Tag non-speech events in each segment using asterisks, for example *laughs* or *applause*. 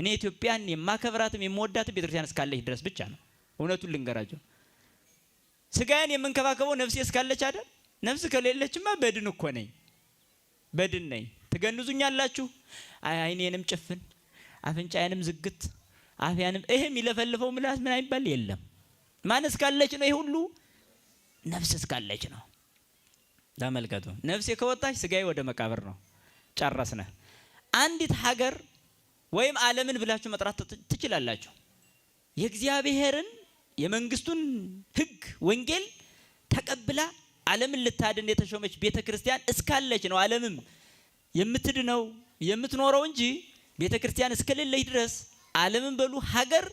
እኔ ኢትዮጵያን የማከብራትም የምወዳትም ቤተክርስቲያን እስካለች ድረስ ብቻ ነው። እውነቱን ልንገራቸው፣ ስጋዬን የምንከባከበው ነፍሴ እስካለች አይደል? ነፍስ ከሌለችማ በድን እኮ ነኝ፣ በድን ነኝ። ትገንዙኛላችሁ። አይኔንም ጭፍን፣ አፍንጫዬንም ዝግት፣ አፍያንም ይሄ የሚለፈልፈው ምላስ ምን አይባል የለም። ማን እስካለች ነው? ይህ ሁሉ ነፍስ እስካለች ነው። ተመልከቱ፣ ነፍሴ ከወጣች ስጋዬ ወደ መቃብር ነው። ጨረስነ። አንዲት ሀገር ወይም ዓለምን ብላችሁ መጥራት ትችላላችሁ። የእግዚአብሔርን የመንግስቱን ህግ ወንጌል ተቀብላ ዓለምን ልታድን የተሾመች ቤተ ክርስቲያን እስካለች ነው ዓለምም የምትድነው የምትኖረው እንጂ ቤተ ክርስቲያን እስከሌለች ድረስ ዓለምን በሉ ሀገር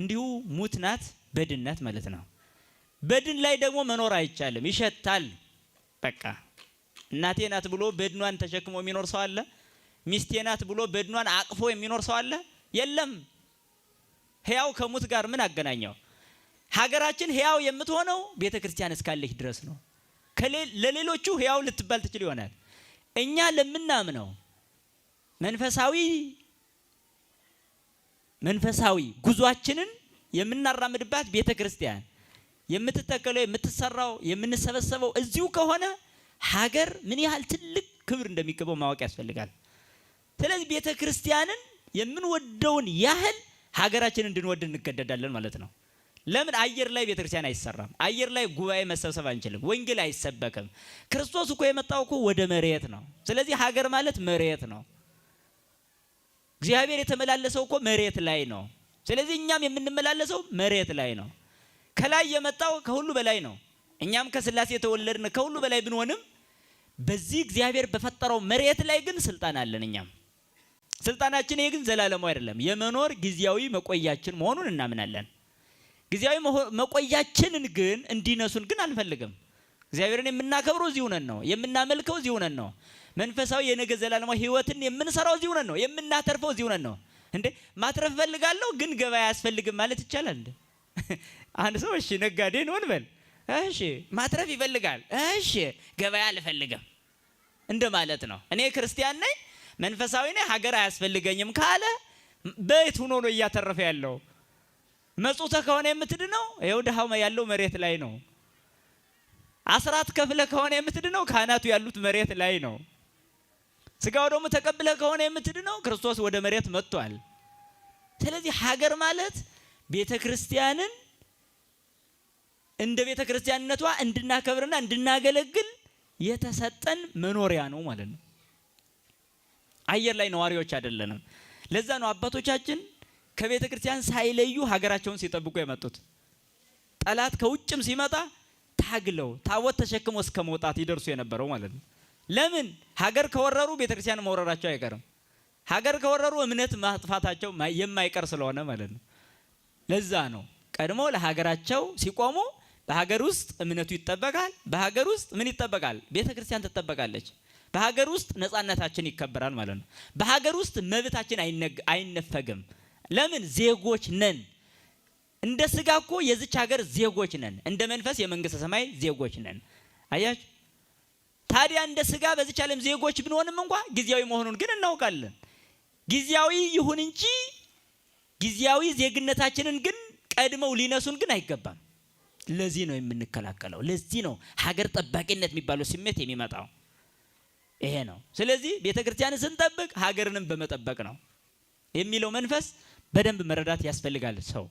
እንዲሁ ሙት ናት፣ በድን ናት ማለት ነው። በድን ላይ ደግሞ መኖር አይቻልም፣ ይሸታል። በቃ እናቴ ናት ብሎ በድኗን ተሸክሞ የሚኖር ሰው አለ። ሚስቴ ናት ብሎ በድኗን አቅፎ የሚኖር ሰው አለ? የለም። ሕያው ከሙት ጋር ምን አገናኘው? ሀገራችን ሕያው የምትሆነው ቤተ ክርስቲያን እስካለች ድረስ ነው። ለሌሎቹ ሕያው ልትባል ትችል ይሆናል። እኛ ለምናምነው መንፈሳዊ መንፈሳዊ ጉዟችንን የምናራምድባት ቤተ ክርስቲያን የምትተከለው የምትሰራው የምንሰበሰበው እዚሁ ከሆነ ሀገር ምን ያህል ትልቅ ክብር እንደሚገባው ማወቅ ያስፈልጋል። ስለዚህ ቤተ ክርስቲያንን የምንወደውን ያህል ሀገራችን እንድንወድ እንገደዳለን ማለት ነው። ለምን አየር ላይ ክርስቲያን አይሰራም? አየር ላይ ጉባኤ መሰብሰብ አንችልም። ወንጌል አይሰበክም። ክርስቶስ እኮ የመጣው እኮ ወደ መሬት ነው። ስለዚህ ሀገር ማለት መሬት ነው። እግዚአብሔር የተመላለሰው እኮ መሬት ላይ ነው። ስለዚህ እኛም የምንመላለሰው መሬት ላይ ነው። ከላይ የመጣው ከሁሉ በላይ ነው። እኛም ከስላሴ የተወለድን ከሁሉ በላይ ብንሆንም በዚህ እግዚአብሔር በፈጠረው መሬት ላይ ግን ስልጣን አለን እኛም ስልጣናችን ይሄ ግን ዘላለማዊ አይደለም። የመኖር ጊዜያዊ መቆያችን መሆኑን እናምናለን። ጊዜያዊ መቆያችንን ግን እንዲነሱን ግን አንፈልግም። እግዚአብሔርን የምናከብረው እዚህ ሆነን ነው። የምናመልከው እዚህ ሆነን ነው። መንፈሳዊ የነገ ዘላለማዊ ህይወትን የምንሰራው እዚህ ሆነን ነው። የምናተርፈው እዚህ ሆነን ነው። እንዴ ማትረፍ ፈልጋለሁ ግን ገበያ አያስፈልግም ማለት ይቻላል? እንዴ *laughs* አንድ ሰው እሺ ነጋዴ ነው እንበል። እሺ ማትረፍ ይፈልጋል። እሺ ገበያ አልፈልግም እንደ ማለት ነው። እኔ ክርስቲያን ነኝ መንፈሳዊ ነኝ ሀገር አያስፈልገኝም ካለ በየት ሆኖ ነው እያተረፈ ያለው? መጽውተ ከሆነ የምትድነው ይኸው ድሃው ያለው መሬት ላይ ነው። አስራት ከፍለ ከሆነ የምትድነው ካህናቱ ያሉት መሬት ላይ ነው። ስጋው ደግሞ ተቀብለ ከሆነ የምትድነው ክርስቶስ ወደ መሬት መጥቷል። ስለዚህ ሀገር ማለት ቤተ ክርስቲያንን እንደ ቤተ ክርስቲያንነቷ እንድናከብርና እንድናገለግል የተሰጠን መኖሪያ ነው ማለት ነው። አየር ላይ ነዋሪዎች አይደለንም። ለዛ ነው አባቶቻችን ከቤተ ክርስቲያን ሳይለዩ ሀገራቸውን ሲጠብቁ የመጡት። ጠላት ከውጭም ሲመጣ ታግለው ታቦት ተሸክሞ እስከ መውጣት ይደርሱ የነበረው ማለት ነው። ለምን ሀገር ከወረሩ ቤተ ክርስቲያን መውረራቸው አይቀርም። ሀገር ከወረሩ እምነት ማጥፋታቸው የማይቀር ስለሆነ ማለት ነው። ለዛ ነው ቀድሞ ለሀገራቸው ሲቆሙ በሀገር ውስጥ እምነቱ ይጠበቃል። በሀገር ውስጥ ምን ይጠበቃል? ቤተ ክርስቲያን ትጠበቃለች። በሀገር ውስጥ ነጻነታችን ይከበራል ማለት ነው። በሀገር ውስጥ መብታችን አይነፈግም። ለምን? ዜጎች ነን። እንደ ስጋ እኮ የዚች ሀገር ዜጎች ነን፣ እንደ መንፈስ የመንግስተ ሰማይ ዜጎች ነን። አያችሁ። ታዲያ እንደ ስጋ በዚች ዓለም ዜጎች ብንሆንም እንኳ ጊዜያዊ መሆኑን ግን እናውቃለን። ጊዜያዊ ይሁን እንጂ ጊዜያዊ ዜግነታችንን ግን ቀድመው ሊነሱን ግን አይገባም። ለዚህ ነው የምንከላከለው። ለዚህ ነው ሀገር ጠባቂነት የሚባለው ስሜት የሚመጣው። ይሄ ነው። ስለዚህ ቤተ ክርስቲያንን ስንጠብቅ ሀገርንም በመጠበቅ ነው የሚለው መንፈስ በደንብ መረዳት ያስፈልጋል ሰው